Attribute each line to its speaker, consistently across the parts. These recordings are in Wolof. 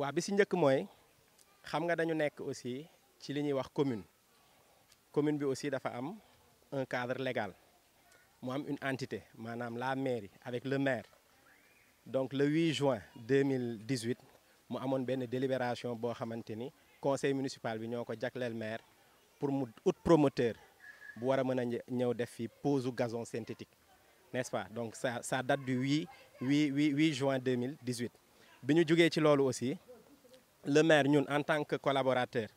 Speaker 1: waa bi si njëkk mooy xam nga dañu nekk aussi ci li ñuy wax commune commune bi aussi dafa am un cadre légal mu am une entité maanaam la mairie avec le maire donc le 8 juin 2018 mu amoon benn délibération boo xamante ni conseil municipal bi ñoo ko jagleel maire pour mu ut promoteur bu war a mën a ñëw def fi pose gazon synthétique n'est-ce pas donc ça ça date du 8 8 8 8 juin 2018 bi ñu jugee ci loolu aussi le maire ñun en tant que collaborateur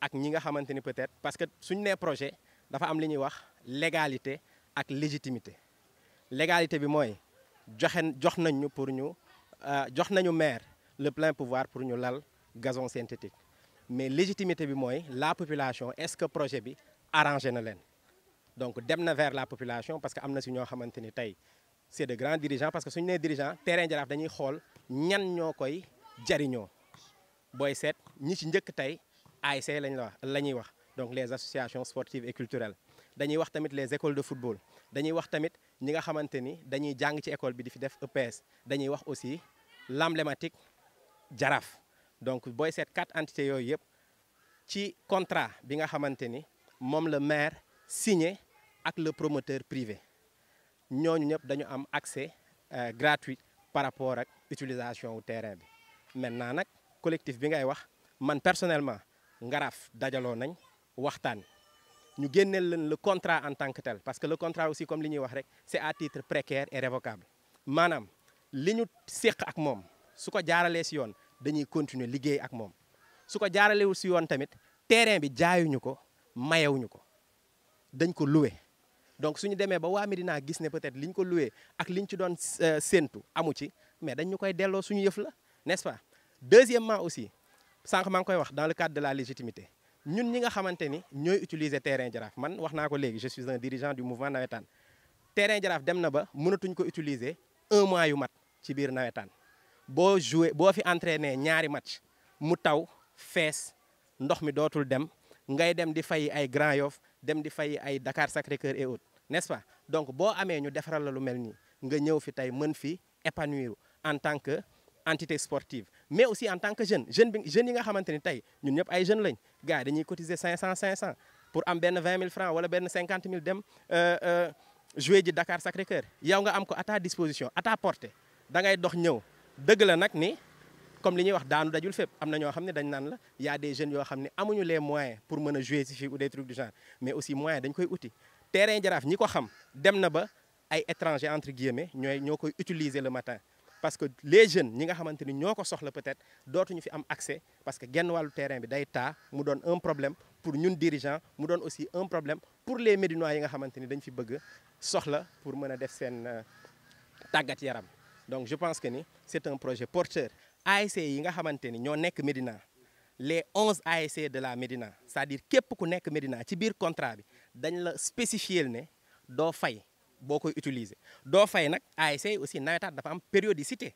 Speaker 1: ak ñi nga xamante ni peut-être parce que suñu nee projet dafa am li ñuy wax légalité ak légitimité légalité bi mooy joxe jox nañ ñu pour ñu euh, jox nañu maire le plein pouvoir pour ñu lal gazon synthétique mais légitimité bi mooy la population est-ce que projet bi arrangé na leen donc dem na vers la population parce que am na si ñoo xamante ni tey c'est de grands dirigeants parce que suñu nee dirigeant terrain Jaraaf dañuy xool ñan ñoo koy jariñoo booy seet ñi ci njëkk tey ASC lañ la wax la ñuy wax donc les associations sportives et culturelles dañuy wax tamit les écoles de football dañuy wax tamit ñi nga xamante ni dañuy jàng ci école bi di fi def EPS dañuy wax aussi l'emblématique Jaraaf donc booy seet quatre entités yooyu yëpp ci contrat bi nga xamante ni moom le maire signé ak le promoteur privé ñooñu ñëpp dañu am accès euh, gratuit par rapport ak utilisation wu terrain bi maintenant nag collectif bi ngay wax man personnellement Ngaraaf dajaloo nañ waxtaan ñu génneel leen le contrat en tant que parce que le contrat aussi comme li ñuy wax rek c'est à titre précaire et révocable maanaam li ñu séq ak moom su ko jaaralee si yoon dañuy continuer liggéey ak moom su ko jaaralewul si yoon tamit terrain bi jaayuñu ko mayewuñu ko donc suñu demee ba waa Médina gis ne peut-être liñ ko loué ak liñ ci doon euh, séentu amu ci mais dañ ñu koy delloo suñu yëf la n'est-ce pas aussi sànq maa ngi koy wax dans le cadre de la légitimité ñun ñi nga xamante ni ñooy utiliser terrain Jaraaf man wax naa ko léegi je suis un dirigeant du mouvement nawetaan terrain Jaraaf dem na ba mënatuñ ko utiliser un mois yu mat ci biir nawetaan boo joué boo fi entraîné ñaari match mu taw fees ndox mi dootul dem ngay dem di fay ay dem di fay ay Dakar Sacré-Cœur et autres n'est-ce pas donc boo amee ñu defaral la lu mel nii nga ñëw fi tey mën fi épanouir en tant que entité sportive mais aussi en tant que jeune jeune bi jeunes yi nga xamante ni tey ñun ñëpp ay jeunes lañ gars yi dañuy cotiser cinq 500 pour am benn 20 000 francs wala benn 50 000 dem euh, euh, jouer ji Dakar Sacré-Cœur yow nga am ko à disposition à ta portée da ngay dox ñëw dëgg la nag ni. comme li ñuy wax daanu dajul fépp am na ñoo xam ne dañ naan la y a des yoo xam ne amuñu les moyens pour mën a jouer ci fii ou des trucs du genre mais aussi moyen dañ koy ñi ko xam dem na ba ay étrangers entre guillemets ñooy ñoo koy utiliser le matin parce que les jeunes ñi nga xamante ni ñoo ko soxla peut-être dootuñu fi am accès parce que genn wàllu terrain bi day taa mu doon un problème pour ñun dirigeants mu doon aussi un problème pour les Médinois yi nga xamante ni dañ fi bëgg soxla pour mën a def seen euh, tàggat yaram donc je pense que ni c'est un projet porteur a ASC yi nga xamante ni ñoo nekk Médina les onze ASC de la Médina c'est-à-dire képp ku nekk Médina ci biir contrat bi dañ la spécifier ne doo fay boo koy utiliser doo fay nag ASC aussi nawetaan dafa am périodicité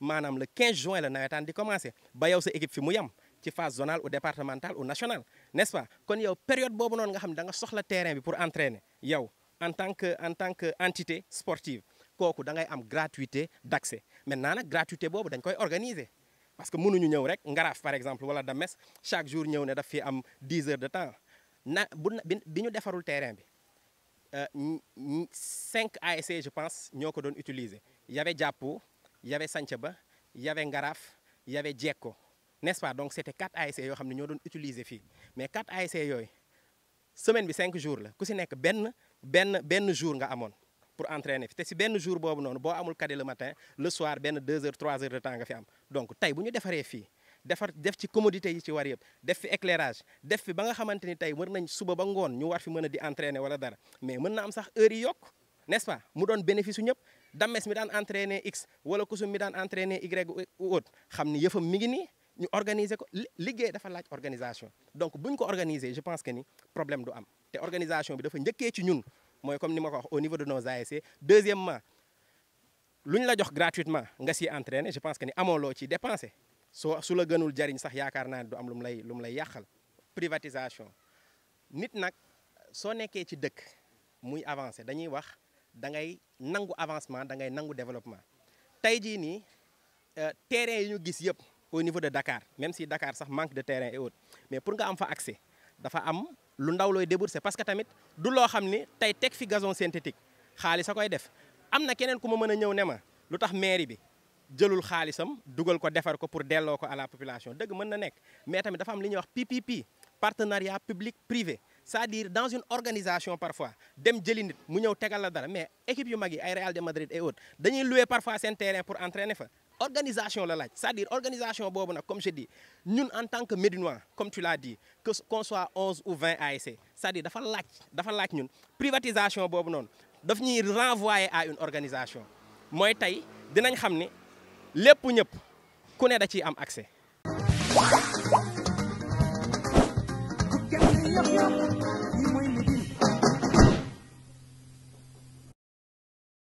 Speaker 1: maanaam le 15 juin la nawetaan di commencer ba yow sa équipe fi mu yem ci phase zonale ou départementale ou nationale n'est-ce pas kon yow période boobu noonu nga xam ne da nga soxla terrain bi pour entraîner yow en tant que en tant que entité sportive kooku da ngay am gratuité d'accès maintenant nag gratuité boobu dañ koy organiser parce que mënuñu ñëw rek Ngaraaf par exemple wala Dames chaque jour ñëw ne daf fi am dix heures de temps na bu bi ñu defarul terrain bi euh, cinq ASC je pense ñoo ko doon utiliser y'avait Diapo y'avait ba y'avait Ngaraaf y'avait Diecko n'est-ce pas donc c'était quatre ASC yoo xam ne ñoo doon utiliser fii mais quatre ASC yooyu semaine bi cinq jours la ku si nekk benn benn benn jour nga amoon pour entraîner fi te si benn jour boobu noonu boo amul cadet le matin le soir benn 2 heures 3 heures de temps fi am donc tey bu ñu defaree fii defar def ci commodité yi ci war yëpp def fi éclairage def fi ba nga xamante ni tey war nañ suba ba ngoon ñu war fi mën a di entraîner wala dara mais mën na am sax heure yi yokk n'est-ce pas mu doon bénéfice su ñëpp dammes mi daan entraîner x wala kusum mi daan entraîner y ou autre xam ni yëfam mi ngi nii ñu organiser ko liggéey dafa laaj organisation donc bu ko organiser je pense que ni problème du am te organisation bi dafa njëkkee ci ñun mooy comme ni ma ko wax au niveau de nos ASC deuxièmement lu ñu la jox gratuitement nga si entraîner je pense que ni amoo loo ciy dépensé soo su la gënul jariñ sax yaakaar naa du am lu mu lay lu mu lay yàqal privatisation nit nag soo nekkee ci dëkk muy avancé dañuy wax da ngay nangu avancement da ngay nangu développement tey jii nii euh, tere yi ñu gis yëpp au niveau de Dakar même si Dakar sax manque de terrain et autres mais pour nga am fa accès dafa am lu ndaw looy débourser parce que tamit du loo xam ni tey teg fi gazon synthétique xaalis a koy def am na keneen ku ma mën a ñëw ne ma lu tax mairie bi jëlul xaalisam dugal ko defar ko pour delloo ko à la population dëgg mën na nekk mais tamit dafa am li ñuy wax PPP partenariat public privé c'est-à-dire dans une organisation parfois dem jëli nit mu ñëw tegal la dara mais équipe yu mag yi ay Real de Madrid et autres dañuy louer parfois seen terrain pour fa organisation la laaj c'est-à-dire organisation boobu nag comme je dis ñun en tant que médinois comme tu l'as dit que qu'on soit onze ou vingt ASC cest dire dafa laaj dafa laaj ñun privatisation boobu noonu dafa ñuy renvoyer à une organisation mooy tey dinañ xam ni lépp ñëpp ku ne da ciy am accès